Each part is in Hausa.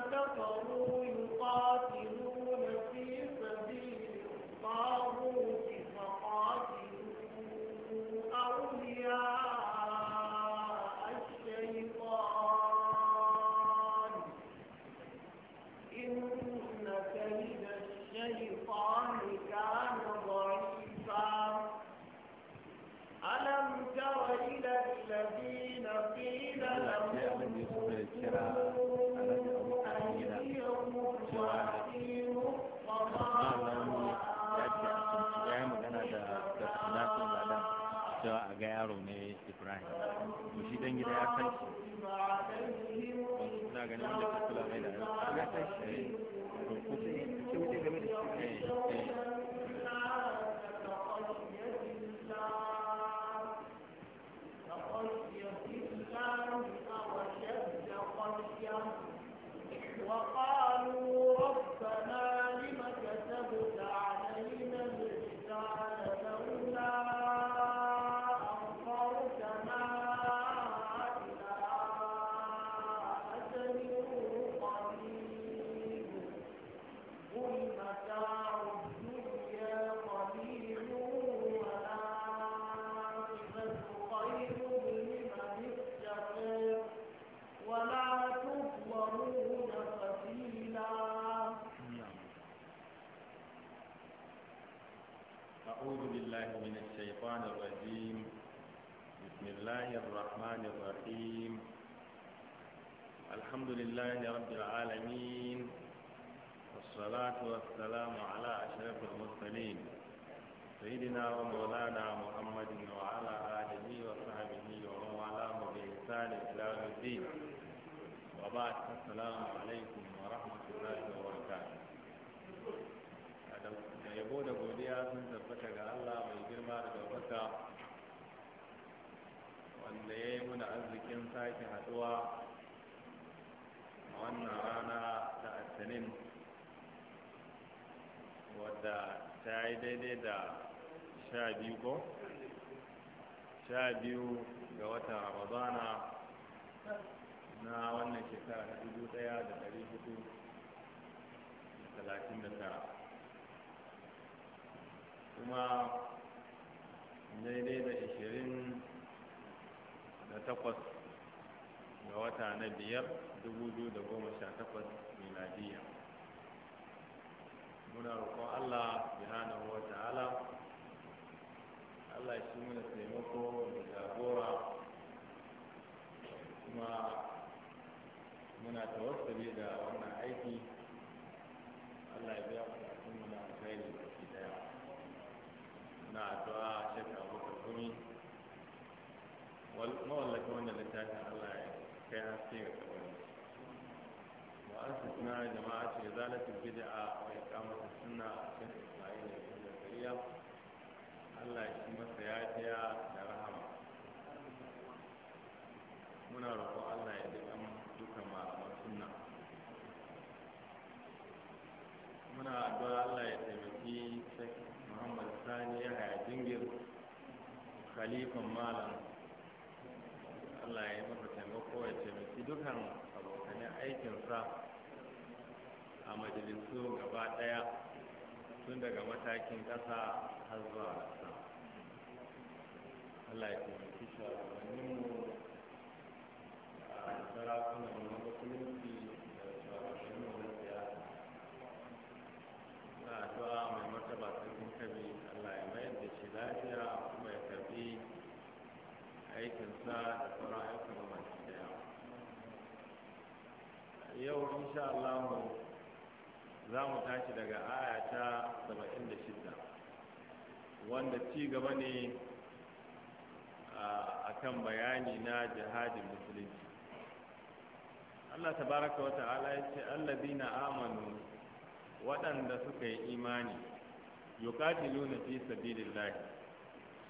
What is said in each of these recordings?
كفروا يقاتلون الله الرحمن الرحيم الحمد لله رب العالمين والصلاة والسلام على أشرف المرسلين سيدنا ومولانا محمد وعلى آله وصحبه ومن والاه بإحسان إلى الدين وبعد السلام عليكم ورحمة الله وبركاته yabo da godiya sun tabbata ga Allah mai girma da ɗaukaka wanda ya yi muna arzikin sake haduwa a wannan rana ta asinin wadda ta yi daidai da sha biyu ko sha biyu ga watan ramadana na wannan shekara ta dubu daya da dari hudu da talatin da tara kuma daidai da ashirin da takwas ga wata na biyar dubu biyu da goma sha takwas miladiya muna roƙon allah subhanahu wa ta'ala allah shi mana taimako da jagora kuma muna tawassuli da wannan aiki allah ya biya mu na alkhairi baki daya muna addu'a shekara bakar mawallafin wannan littafin Allah ya kai haske ga kabari mu'assis na jama'a ce zalatul bid'a wa iqamatu sunna a cikin Isma'il da Ibn Zakariya Allah ya shi masa yafiya da rahama muna roƙon Allah ya duka duka malaman sunna muna addu'a Allah ya taimaki Sheikh Muhammad Sani ya haya jingir khalifan malam Allah ya yi masa taimako ya taimaki dukan abokan aikinsa a majalisu gaba ɗaya tun daga matakin ƙasa har zuwa ƙasa Allah ya taimaki shugabanninmu a sarakunan na musulunci da shugabanninmu na siyasa na addu'a mai martaba sun kabi Allah ya mayar da shi lafiya kuma ya karbi aikinsa da sauran aikin da masu daya yau insha Allah za mu tashi daga aya ta 76 wanda ci gaba ne a kan bayani na jihadin musulunci Allah tabaraka wa ta'ala ya ce na amanu waɗanda suka yi imani luna fi sabilillahi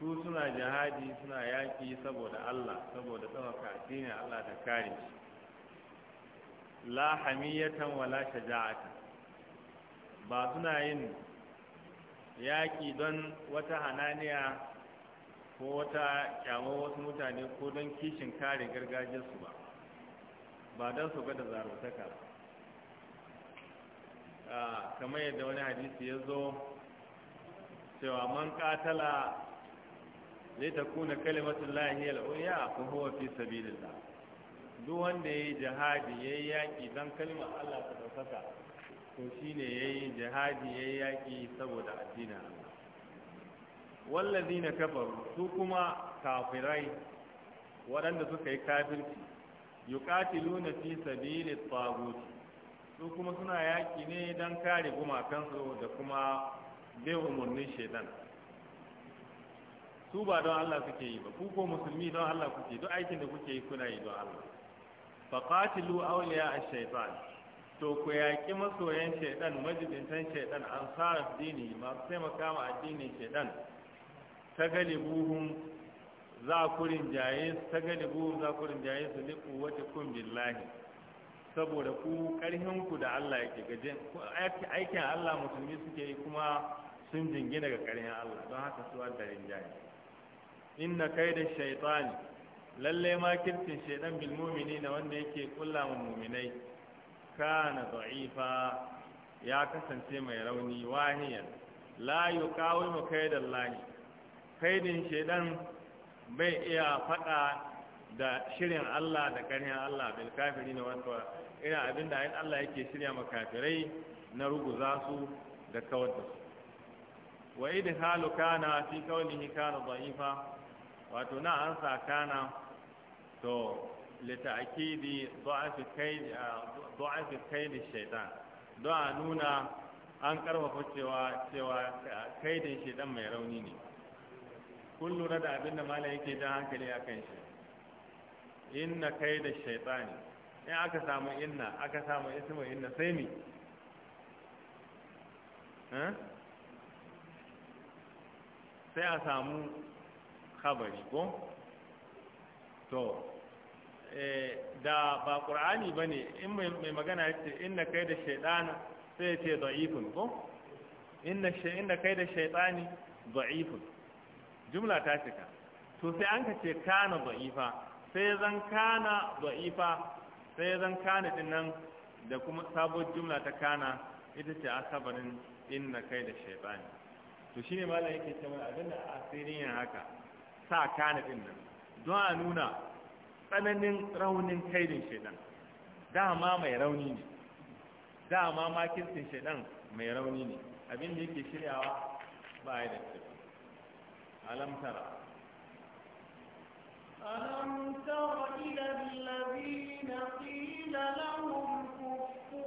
su suna jihadi suna yaƙi saboda Allah saboda ɗaukaka ne Allah ta kare shi la hamiyatan wala shaja'atan ba suna yin yaƙi don wata hananiya ko wata kyamar wasu mutane ko don kishin kare gargajiyarsu ba ba don su ga da zarutaka ah, kamar yadda wani hadisi ya zo cewa man katala litakuna kalimatu llahi hiya al uliya fa huwa fi sabilillah duk wanda yayi jihadi yayi yaki dan kalimar Allah ta shi to shine yayi jihadi yayi yaki saboda addini Allah wallazina kafaru su kuma kafirai waɗanda suka yi kafirci yuqatiluna fi sabili tagut su kuma suna yaki ne dan kare gumakansu da kuma bai umarnin shaitan su ba don Allah suke yi ba ku ko musulmi don Allah kuke duk aikin da kuke yi kuna yi don Allah fa qatilu awliya ash-shaytan to ku yaki masoyan shaytan majibintan shaytan ansar dini ma sai makama addinin shaytan tagalibuhum za ku rinjaye tagalibuhum za ku jaye su wata kun billahi saboda ku karhin ku da Allah yake gajen aikin Allah musulmi suke yi kuma sun jingina ga karhin Allah don haka su da rinjaye inna da shaytani lalle ma kirkin shaydan bil mu'minina wanda yake kulla mu mu'minai kana da'ifa ya kasance mai rauni wahiyan la yuqawimu kaidan lahi kaidin shaydan bai iya fada da shirin Allah da ƙarfin Allah bil na wato ina abinda ayin Allah yake shirya makafirai na ruguza su da kawar da su wa idhalu kana fi qawlihi kana da'ifa wato na an sa kana to lita'akidi du'afi kaidi kai da shaytan don a nuna an karfafa cewa cewa shi shaytan mai rauni ne kun lura da abin da malai yake jan hankali a kan shi inna kaida shaytani in aka samu inna aka samu ismu inna sai mi sai a samu kabari ko to eh, da ba ƙur'ani ba ne in mai magana ya ce inda kai da shaiɗana sai ya ce za'ifin ko inda kai da shaiɗani za'ifin jumla ta cika to sai an ka ce kana za'ifa sai zan kana za'ifa sai zan kana din nan da kuma sabon jumla ta kana ita ce asabarin inna kai da shaiɗani to shine malam yake cewa abinda asirin haka sa kana din nan don a nuna tsananin raunin kaidin shaidan dama mai rauni ne dama makirtin shaidan mai rauni ne abin da yake shiryawa ba ya da tafi alam tara alam tara ila alladhina qila lahum kuffu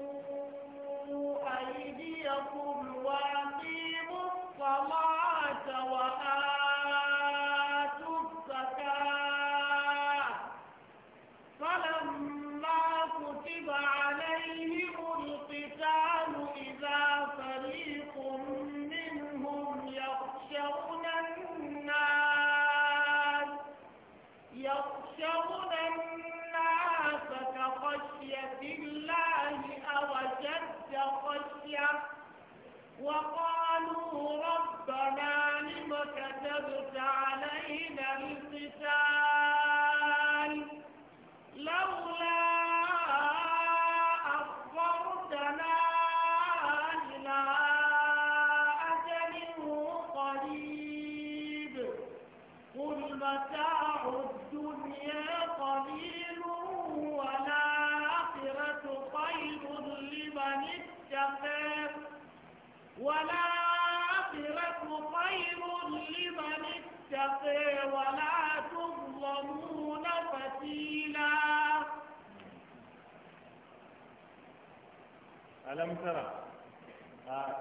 alam tara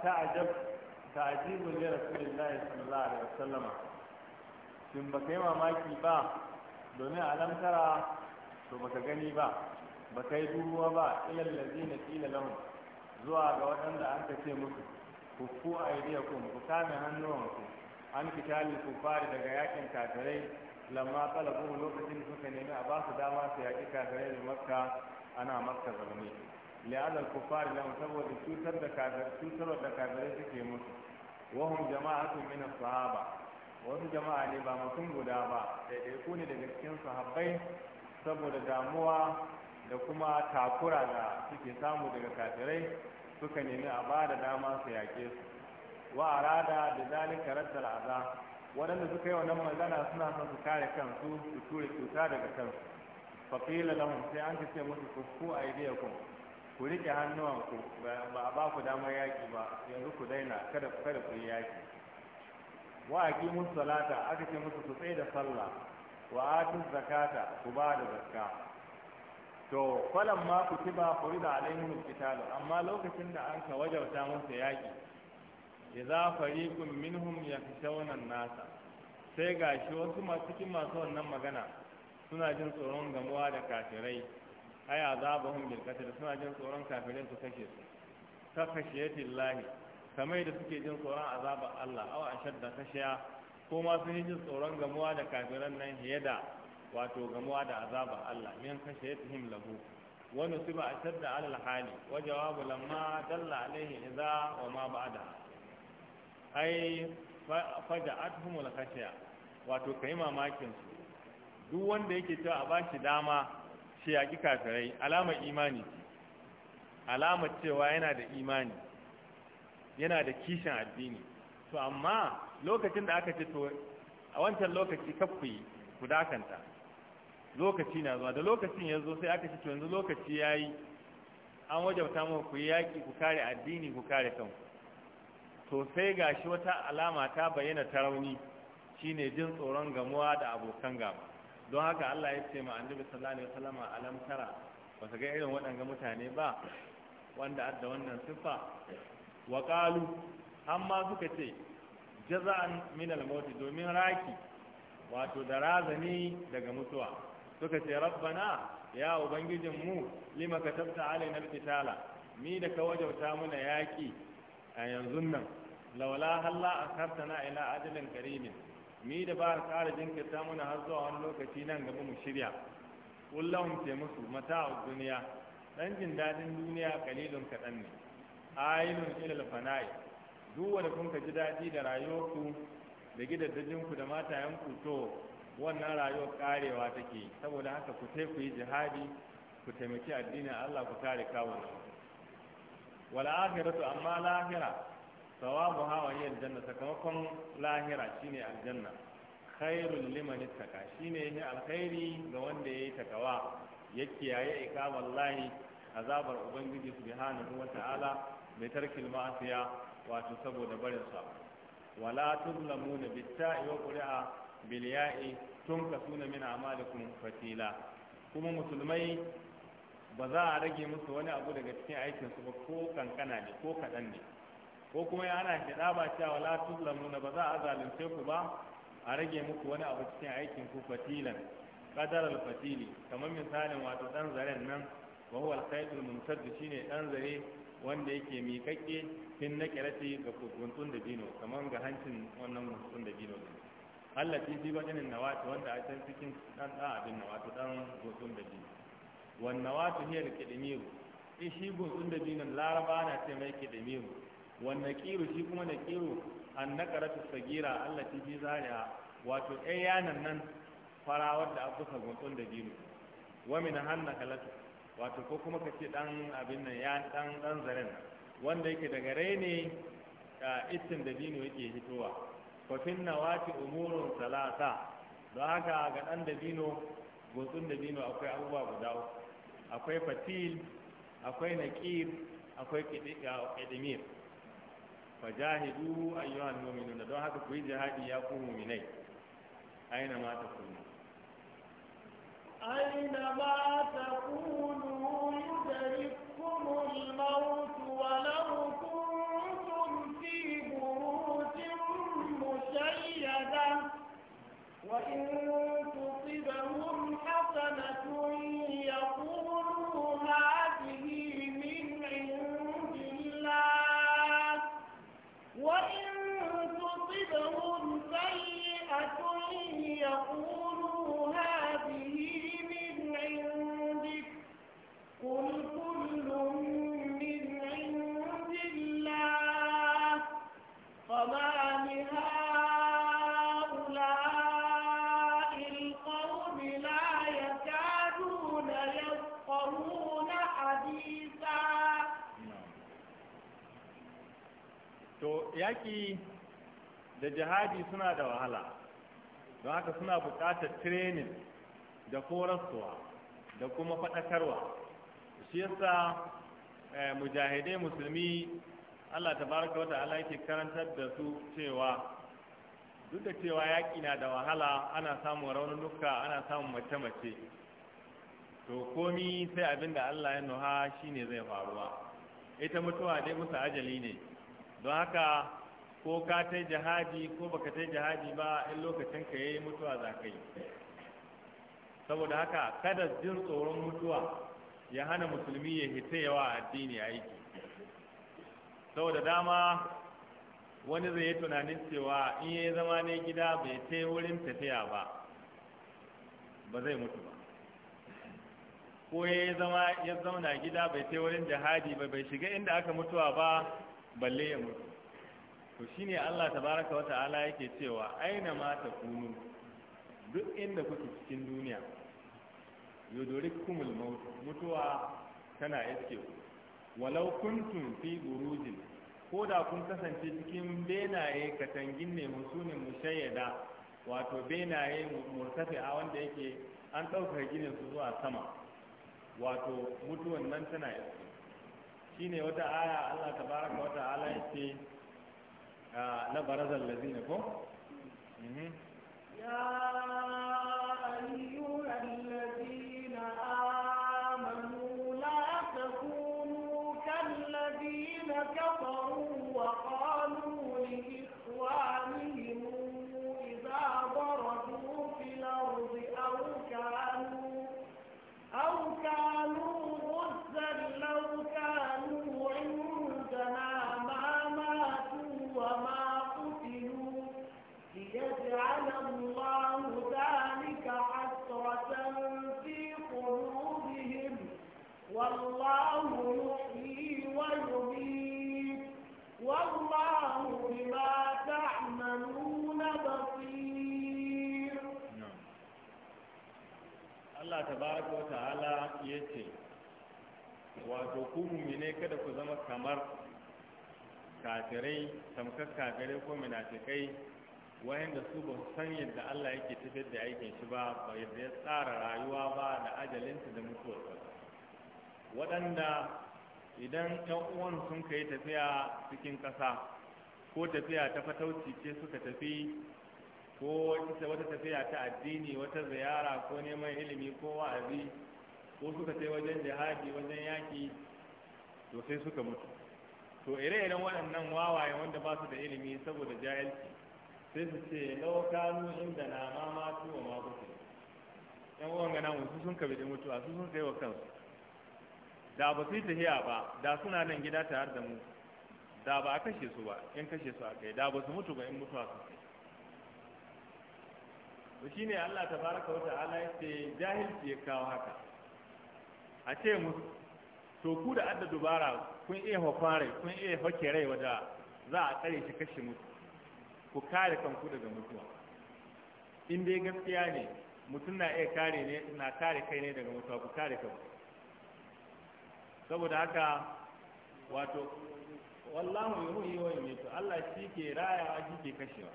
ta'ajab ta'jibu li rasulillahi sallallahu alaihi wasallam shin ba kai mamaki ba domin alam tara to baka gani ba baka yi duruwa ba ilal ladina qila lahum zuwa ga waɗanda an ce musu ku ku aidiyakum ku kame hannuwanku an kitali ku fari daga yakin kafirai lamma talabu lokacin suka nemi a ba su dama su yaƙi kafirai da makka ana makka zaune li'adal kufari lahum saboda cutar da kafir suke musu wa hum jama'atun min as-sahaba wasu jama'a ne ba mutum guda ba ɗaiɗaiku ne daga cikin sahabbai saboda damuwa da kuma takura da suke samu daga kafirai suka nemi a ba da dama su yaƙe su wa arada da zalika raddal aza waɗanda suka yiwa na magana suna son su kare kansu su ture cuta daga kansu faqila lahum sai an ce musu kuffu aydiyakum ku rike hannuwanku ba a ba ku damar yaki ba yanzu ku daina kada kada ku yi yaƙi wa aqimus salata aka ce musu su tsaye da sallah wa zakata ku ba da zakka to falan ma ku tiba furida alaihim amma lokacin da an ka wajabta musu yaƙi idza fariqun minhum yakhshawna an-nasa sai gashi wasu masu cikin masu wannan magana suna jin tsoron gamuwa da kafirai ai azabahum bil qatl suna jin tsoron kafirin su kashe su ya kashiyati lahi kamar da suke jin tsoron azabar Allah awa shadda ta shaya ko ma sun jin tsoron gamuwa da kafiran nan ya da wato gamuwa da azabar Allah min kashiyatihim lahu su nusiba ashadda ala al hali wa jawabu lamma dalla alaihi idza wa ma ba'da ai faja'atuhum al kashiya wato kai mamakin su duk wanda yake cewa a bashi dama Ce ya ƙi kafirai alamar imani ce alamar cewa yana da imani yana da kishin addini to amma lokacin da aka ce to a wancan lokaci kafi ku dakanta lokaci na zuwa da lokacin ya zo sai aka ce to yanzu lokaci ya yi an wajabta muku ku yi yaƙi ku kare addini ku kare kanku to sai ga shi wata alama ta bayyana ta rauni shine jin tsoron gamuwa da abokan gaba don haka Allah ya ce ma annabi sallallahu alaihi wasallam alam tara ba ga irin waɗanga mutane ba wanda adda wannan siffa wa qalu amma suka ce jaza'an min al-maut domin raki wato da razani daga mutuwa suka ce rabbana ya ubangijin mu lima katabta alaina al-qitala mi da ka wajauta muna yaki a yanzu nan laula halla akartana ila ajalin karimin da ba ka kara jinkirta muna har zuwa wani lokaci nan gaba mu shirya Kullum ce musu mata a duniya dan jin dadin duniya kalilun kaɗan ne ainun ilal fana'i duk wanda kun ka ji daɗi da rayuwarku da gidaddajinku da ku to wannan rayuwar karewa take saboda haka ku ku yi jihadi ku taimaki addinin Allah ku kare kawunan wala akhiratu amma lahira sawabu hawa yi aljanna sakamakon lahira shine aljanna khairul liman ittaka shine yi alkhairi ga wanda yayi takawa yake yayi ika wallahi azabar ubangiji subhanahu wa ta'ala mai tarkil ma'asiya wato saboda barin sa wala tuzlamuna ta'i wa qur'a bil ya'i tunkasuna min amalikum fatila kuma musulmai ba za a rage musu wani abu daga cikin aikinsu ba ko kankana ne ko kaɗan ne ko kuma ya ana kiɗa ba cewa la tuzlamuna ba za a zalunce ku ba a rage muku wani abu cikin aikin ku fatilan qadar al fatili kamar misalin wato dan zaren nan wa huwa al khaydul mumtad shine dan zare wanda yake miƙaƙƙe fin na kirati ga kuntun da dino kamar ga hancin wannan kuntun da dino Allah fi ji na nawatu wanda a can cikin ɗan ɗan abin nawatu ɗan kuntun da dino wannan nawatu hiyar kidimiru in eh, shi kuntun da dinon laraba na ce mai kidimiru wan naqiru shi kuma naqiru an naqaratu sagira allati fi zariya wato ayyanan nan farawar da ka guntun da jini wa min hanna kalatu wato ko kuma kace dan abin nan ya dan dan zaren wanda yake daga da itin da jini yake hitowa fa fin nawati umurun salata don haka ga dan da dino guntun da jini akwai abubuwa guda akwai fatil akwai naqir akwai kidimir fajahidu ayyuhal muminun don haka ku yi jihadi ya ku mu'minai aina ma takunu aina ma takunu jihadi suna da wahala don haka suna buƙatar training da koraswa da kuma faɗakarwa shi yasa eh, mujahidai musulmi Allah ta baraka wata ala yake karantar da su cewa duk da cewa yaƙi na da wahala ana samun raunuka ana samun mace-mace to komi sai abin da Allah ya nuha shine zai faruwa ita mutuwa dai musu ajali ne don haka ko ka ta jihadi ko baka ta jihadi ba in lokacin ka yayi mutuwa za ka saboda haka kada jin tsoron mutuwa ya hana musulmi ya hita yawa addini aiki saboda dama wani zai yi tunanin cewa in ya zama ne gida bai ta wurin tafiya ba ba zai mutu ba ko ya zama ya zauna gida bai ta wurin jihadi ba bai shiga inda aka mutuwa ba balle ya mutu to shine Allah tabaraka wa ta'ala yake cewa aina ma kunu duk inda kuke cikin duniya yudrikumul maut mutuwa tana iske ku walau kuntum fi burujin ko da kun kasance cikin benaye katangin ne musunin mushayyada wato benaye murtafi a wanda yake an ɗaukar ginin su zuwa sama wato mutuwan nan tana iske shine wata aya Allah tabaraka wa ta'ala yake آه لبرز الذين هم يا أيها الذين آمنوا لا تكونوا كالذين كفروا وقالوا Allah tabaraka wa ta'ala ya ce wato ku mumine kada ku zama kamar kafirai tamkar kafirai ko munafikai wayanda su ba su san yadda Allah yake tafiyar da aikin shi ba ba yadda ya tsara rayuwa ba da ajalinta da mutuwarsa waɗanda idan ɗan uwan sun kai tafiya cikin ƙasa ko tafiya ta fatauci ce suka tafi ko wata tafiya ta addini wata ziyara ko neman ilimi ko wa'azi ko suka sai wajen jihadi wajen yaki to sai suka mutu to ire-iren waɗannan wawaye wanda ba su da ilimi saboda jahilci sai su ce laukanu inda na ma matu wa ma kuke yan uwan gana su sun kabi da mutuwa su sun kai wa kansu da ba su yi tahiya ba da suna nan gida tare da mu da ba a kashe su ba in kashe su a kai da ba su mutu ba in mutuwa su kai to shine Allah tabaraka wa ta'ala yace jahilci ya kawo haka a ce musu to ku da adda dubara kun iya hofare kun iya hoke rai wada za a tsare shi kashe musu, ku kare kanku daga mutuwa in dai gaskiya ne mutum na iya kare ne na kare kai ne daga mutuwa ku kare kanku saboda haka wato wallahu yuhi wa yumitu Allah shi ke raya shi ke kashewa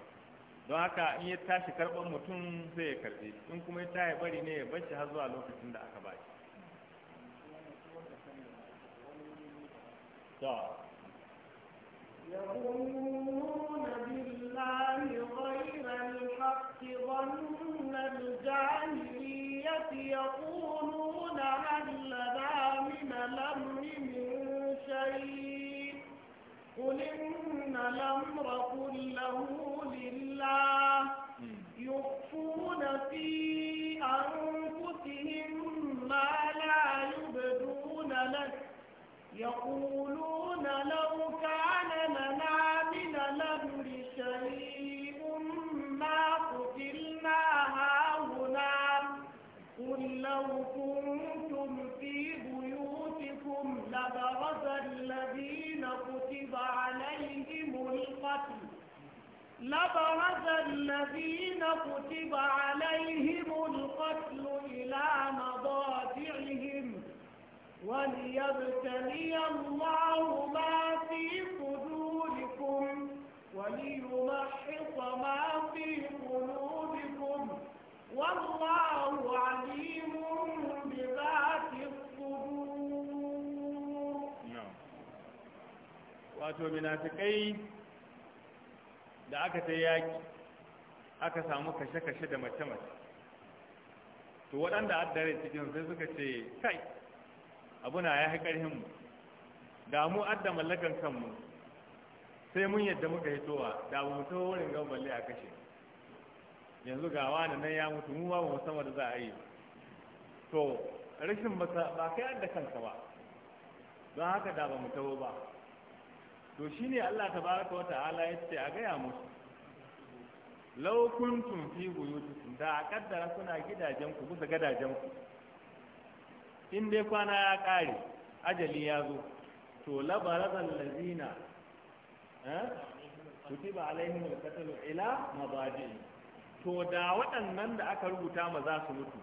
don haka in ya tashi karɓar mutum zai karɓi in kuma ya tashi bari ne ya shi har zuwa lokacin da aka bashi يظنون بالله غير الحق ظن الجاهلية يقولون هل لنا من الأمر من شيء قل إن الأمر كله لبرز الذين كتب عليهم القتل إلى مضاجعهم وليبتلي الله ما في صدوركم وليمحص ما في قلوبكم والله عليم بذات الصدور. نعم. واتوا منافقين da aka ta yaƙi aka samu kashe-kashe da mace-mace to waɗanda addare cikin sai suka ce kai abuna ya haƙar himmu da mu adda mallakan kanmu sai mun yadda muka hitowa da mu mutu wurin gan balle a kashe yanzu ga wani nan ya mutu mu ba mu sama da za a yi to rashin ba kai adda kanka ba don haka da ba mu tabo ba to shi ne Allah ta tabaraka wa ta'ala ce a gaya musu law kuntum fi buyutikum da a kaddara kuna gidajen ku bisa gadajen ku in dai kwana ya kare ajali ya zo to labarazal lazina eh kutiba alaihim alqatl ila mabadi to da waɗannan da aka rubuta ma za su mutu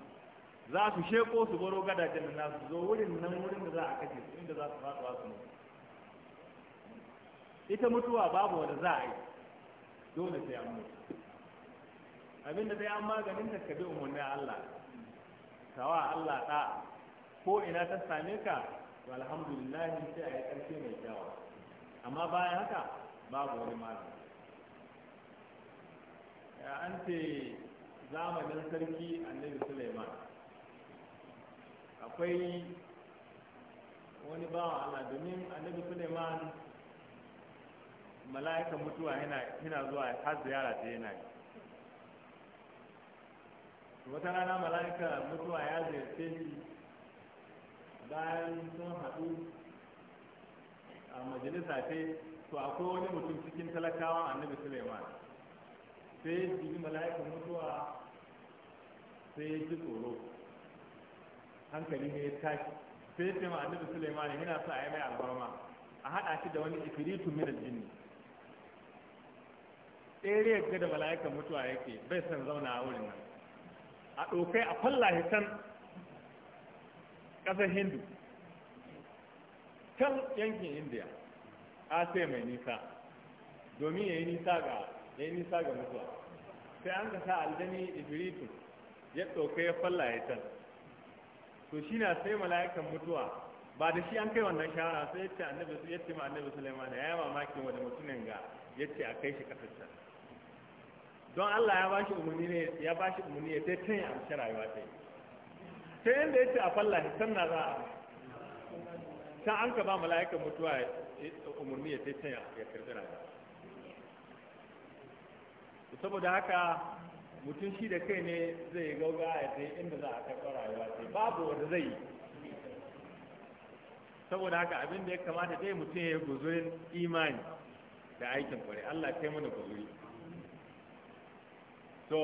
za su sheko su baro gadajen nan su zo wurin nan wurin da za a kace inda za su fasuwa su mutu ita mutuwa babu wanda za a yi dole sai an mutu abinda sai an maganin ta kabi umarnin Allah kawa Allah ta ko ina ta same ka alhamdulillah sai a yi ƙarshe mai kyawa amma bayan haka babu wani Ya an ce zamanin sarki annabi suleiman akwai wani bawa Allah domin annabi suleiman mala'ikan mutuwa yana zuwa har ziyara ta yana yi wata rana mala'ikan mutuwa ya ziyarce shi bayan sun haɗu a majalisa ta. to akwai wani mutum cikin talakawan annabi suleiman sai ya ji mala'ikan mutuwa sai ya ji tsoro hankali ne ya tashi sai ya ce ma annabi suleiman yana sa a yi mai albarma a haɗa shi da wani ifiritu min jini. tsere yadda da mala'ikan mutuwa yake bai san zauna a wurin nan a ɗokai a fallahi can ƙasar hindu can yankin indiya a sai mai nisa domin ya yi nisa ga ya yi nisa ga mutuwa sai an ka sa aljani ibiritu ya ɗauka ya falla ya can to shi na sai mala'ikan mutuwa ba da shi an kai wannan shahara sai ya ce annabi ya ce ma annabi ya yi mamakin wani mutumin ga ya ce a kai shi ƙasar don Allah ya bashi umarni ne ya bashi umarni ya sai tun ya amshi rayuwa ta yi ta yadda ya ce a falla hisan na za a ta an ka ba mala'ikan mutuwa umarni ya sai tun ya karbi rayuwa saboda haka mutum shi da kai ne zai gauga ya sai inda za a karɓi rayuwa ta babu wanda zai yi saboda haka abin da ya kamata dai mutum ya yi guzurin imani da aikin kwarai Allah yi mana guzuri to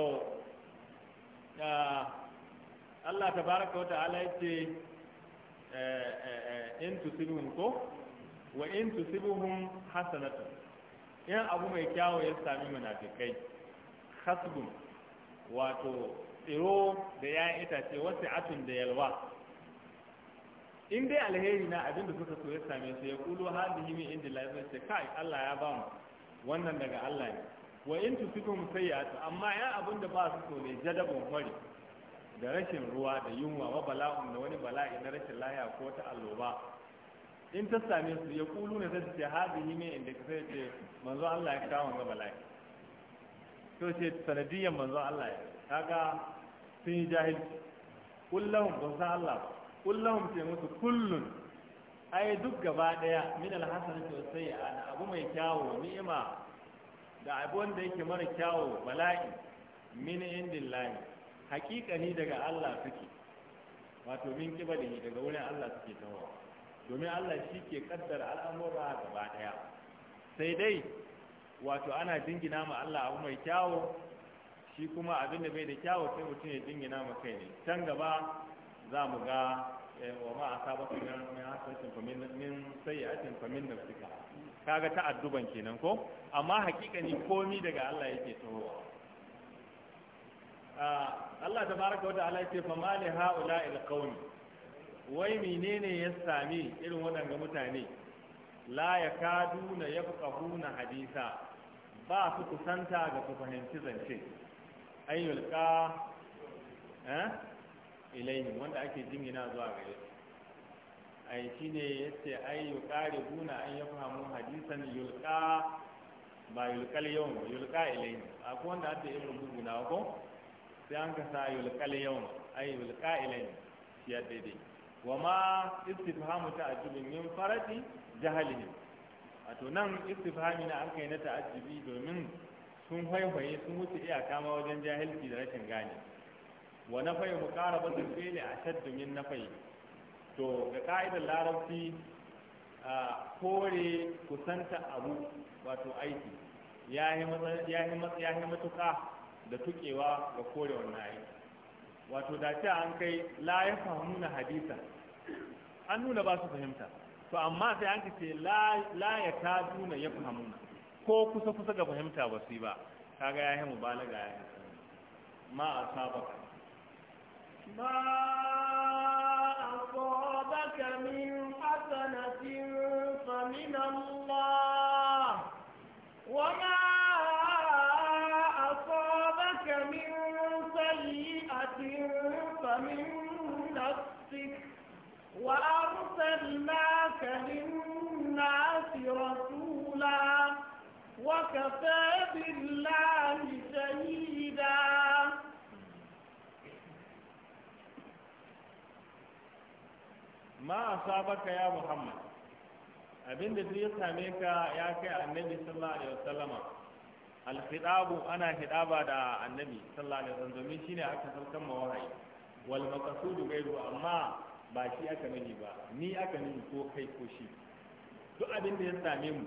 Allah ta baraka wa ta'ala yace eh, eh, eh, in tusibhum ko wa in tusibhum hasanatu in abu mai kyawo ya sami munafikai hasbun wato tsiro da ya itace wasu atun da yalwa in dai alheri na abin da suka so ya same su ya kulo hadihi min inda lafiya ce kai Allah ya ba mu wannan daga Allah ne wa in tusikum sayyi'atu amma ya abin da ba su so ne jadabun fari da rashin ruwa da yunwa wa bala'un da wani bala'i na rashin laya ko ta alloba in ta same su ya kulu ne sai ce hadihi mai inda ka sai ce manzo Allah ya kawo ga bala'i to ce sanadiyan manzo Allah ya kaga sun yi jahilci Kullum, ba san Allah ba kullahum ce musu kullun ai duk gaba daya min alhasanati wa sayyi'a abu mai kyawu ni'ima da abu wanda yake mara kyawo bala'i min indin layi ni daga Allah suke wato min kibalihi daga wurin Allah suke tawo domin Allah shi ke kaddara al'amura gaba daya sai dai wato ana jingina ma Allah abu mai kyawo shi kuma abin da bai da kyawo sai mutum ya jingina ma kai ne can gaba za mu ga eh, wa ma asabaka min hasatin famin min sayyi'atin famin nafsika kaga ta'adduban kenan ko amma hakikani komi daga Allah yake ah Allah tabaraka wa ta'ala yake fa mali haula'il qaumi wai menene ya sami irin waɗanga mutane la yakaduna yafqahuna hadisa ba su kusanta ga su fahimci zance ayyulqa eh ilayhi wanda ake jingina zuwa gare su ai shi ne ya ce ai yulƙa riguna an ya fahimu hadisan yulka ba yulƙal yau ba yulƙa ilai a ko wanda ake yin rubutu na ko sai an ka sa yulƙal yau ai yulƙa ilai shi ya daidai wa ma istifhamu ta'ajjubin min farati jahalihi wato nan istifhami na an kai na ta'ajjubi domin sun haihaye sun wuce iyaka ma wajen jahilci da rashin gane wa na fayi muqarabatul fi'li ashaddu min nafayi to ga ka'idar larabci a kore kusanta abu wato aiki ya yi matuka da tukewa ga kore wannan aiki wato da ce an kai la ya fahimuna hadisa an nuna ba su fahimta to amma sai an ce la ya ta duna ya fahimuna ko kusa kusa ga fahimta ba su yi ba kaga ya yi mubalaga ya yi ma a sabaka ma a أصابك من حسنة فمن الله وما أصابك من سيئة فمن نفسك وأرسلناك للناس رسولا وكفى بالله شيئا ma a asabaka ya muhammad abinda duk ya same ka ya kai annabi sallallahu alaihi wasallama alhidabu ana hidaba da annabi sallallahu alaihi wasallam domin shine aka saukan ma wahayi wal maqsudu ghairu amma ba shi aka nuni ba ni aka nuni ko kai ko shi duk abin da ya same mu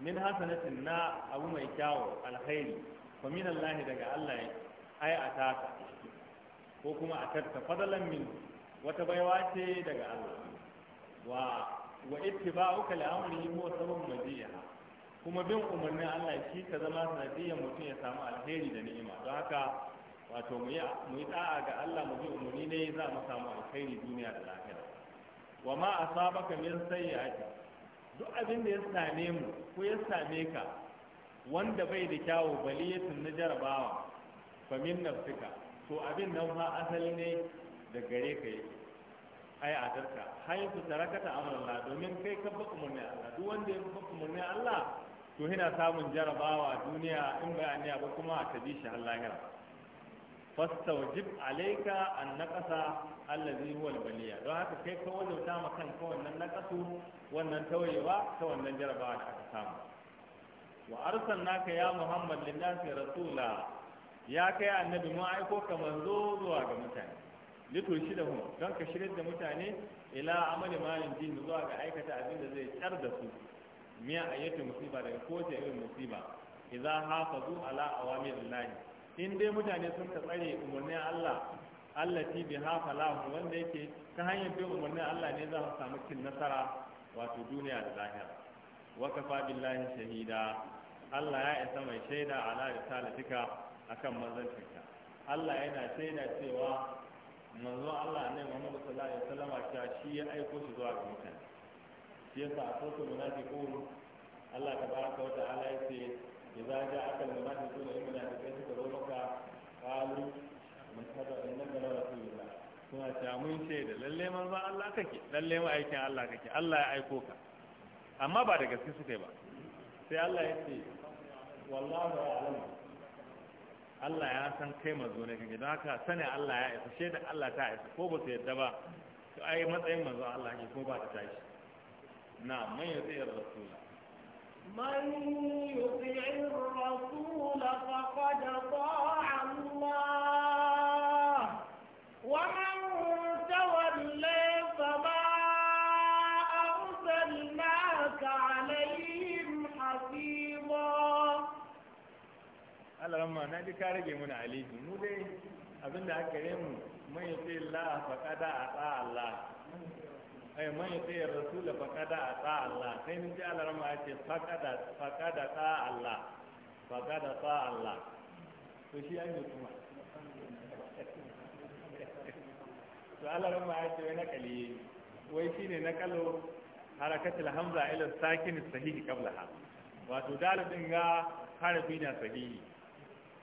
min hasanatin na abu mai kyawu alkhairi fa min Allah daga Allah ai ataka ko kuma a ataka fadalan min wata baiwa ce daga Allah wa wa ittiba'uka li huwa sabab majiha kuma bin umarnin Allah shi ka zama sanadiyyar mutum ya samu alheri da ni'ima don haka wato mu yi da'a ga Allah mu bi umarni ne za mu samu alheri duniya da lahira wa ma asabaka min sayyi'ati duk abin da ya same mu ko ya same ka wanda bai da kyawu baliyatun na jarabawa fa min nafsika to abin nan ma asali ne da gare ka yake ai adarka hayin su tarakata amrullah domin kai ka ba umarni Allah duk wanda ya ba umarni Allah to yana samun jarabawa duniya in bai aniya ba kuma a bi shi har lahira fastawjib alayka an naqasa allazi huwa albaliya don haka kai ka wajauta ma kanka wannan naqasu wannan tawayewa ta wannan jarabawa da aka samu wa arsalnaka ya muhammad linnasi rasula ya kai annabi mu aiko ka manzo zuwa ga mutane liturshi da hun don ka shirya da mutane ila amali malin din zuwa ga aikata abin da zai tsar da su miya ayyatu musiba daga kowace irin musiba idan hafazu ala awamir lahi in dai mutane sun ka tsare umarnin Allah ti bi hafalahu wanda yake ta hanyar bin umarnin Allah ne za su samu cin nasara wato duniya da lahira wa kafa billahi shahida Allah ya isa mai shaida ala risalatika akan manzancinka Allah yana shaida cewa manzo Allah ne Muhammadu sallallahu alaihi wasallam ta shi ya aiko shi zuwa ga mutane shi yasa a sosu munafiqun Allah tabaraka wa ta'ala yace idza ja'a al-munafiqun in munafiqai suka zo maka qalu man hada innaka la rasulullah suna ta mun shaida lalle manzo Allah kake lalle mu aikin Allah kake Allah ya aiko ka amma ba da gaske suka yi ba sai Allah ya ce wallahu alam. Allah ya san kai manzo ne kake don haka sanin Allah ya isa shaida Allah ta isa ko ba su yadda ba to ai matsayin manzo Allah ne ko ba ta tashi na man yuti ar-rasul man yuti ar-rasul faqad ta'a Allah wa man tawalla fama arsalnaka alayhi alarama na ji ka rage muna alifi mu dai abinda aka yi mu man ya ce la faƙada a tsa Allah ay eh, man ya ce rasul rasula faƙada a tsa Allah sai mun ji alarama ya ce faƙada faƙada tsa Allah faƙada tsa Allah to shi an yi kuma to alarama ya ce wai nakali wai na kalo harakatul hamza ila sakin sahihi qablaha wato dalibin ga harafi na sahihi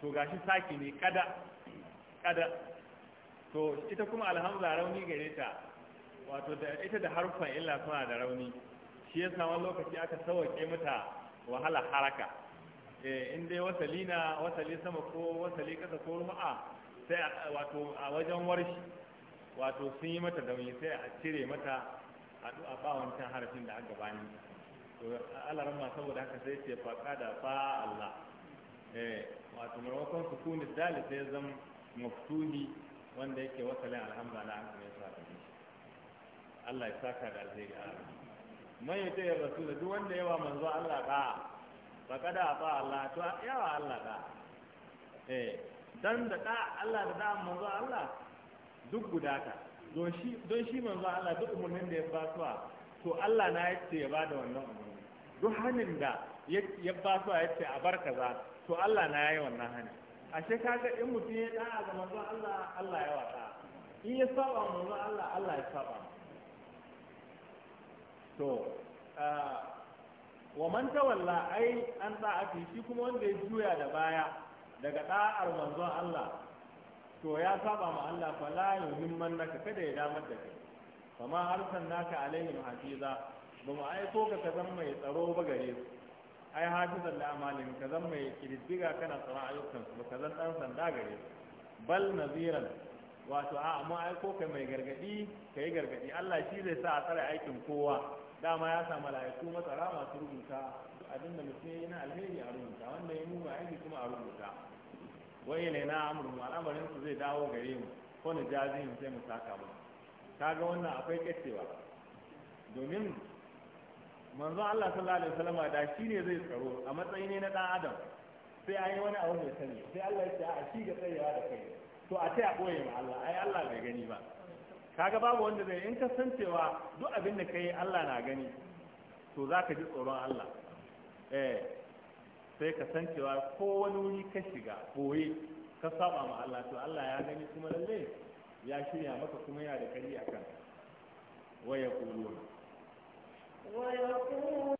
to gashi saki ne kada kada to ita kuma alhamza rauni gare ta wato da ita da harfan illa suna da rauni shi yasa samun lokaci aka sauke mata wahala haraka eh, in dai wasali na wasali sama ko wasali kasa ko ruma'a sai wato a wajen warshi wato sun yi mata dauni sai a cire mata a a ba wancan harafin da aka bani to Allah ramma saboda haka sai ce faqa da fa Allah eh wato maimakon sukuni dali sai zan maftuhi wanda yake wasalin alhamda na hankali ya sa shi Allah ya saka da alheri a man ya rasu da duk wanda yawa manzo Allah ka ba kada a ba Allah to yawa Allah ka eh dan da da Allah da da manzo Allah duk guda ka don shi don shi manzo Allah duk umurnin da ya ba su to Allah na yace ya bada wannan umurni duk hanin da ya ba su yace a bar kaza to Allah na yi wannan hani ashe kaga in mutum ya da'a ga manzon Allah Allah ya wata in ya saba manzon Allah Allah ya saba to wa man tawalla ai an da da'ati shi kuma wanda ya juya da baya daga da'ar manzon Allah to ya saba ma Allah fa fala yuhimman naka kada ya damar da kai kama arsalnaka alaihim hafiza bamu aiko ka ka zama mai tsaro ba gare su ai hafizan da amalin ka zan mai kididdiga kana tsara ayyukan su ka zan ɗan sanda gare bal naziran wato a amma ai ko kai mai gargadi Kayi gargadi Allah shi zai sa a tsare aikin kowa dama ya sa mala'iku matsara masu rubuta abin da mutum na alheri a rubuta wanda ya nuna aiki kuma a rubuta wai ne na al'amarin su zai dawo gare mu ko ni jazi mu sai mu saka mu kaga wannan akwai kacewa domin manzo Allah sallallahu alaihi wasallam da shi ne zai tsaro a matsayi ne na dan adam sai ayi yi wani abu mai sani sai Allah ya ce a shi ga tsayawa da kai to a a koyi ma Allah ai Allah bai gani ba kaga babu wanda zai in ka san cewa duk abin da kai Allah na gani to zaka ji tsoron Allah eh sai ka san cewa ko wani wuri ka shiga boye ka saba ma Allah to Allah ya gani kuma lalle ya shirya maka kuma ya da kari akan waya kuluna ويقول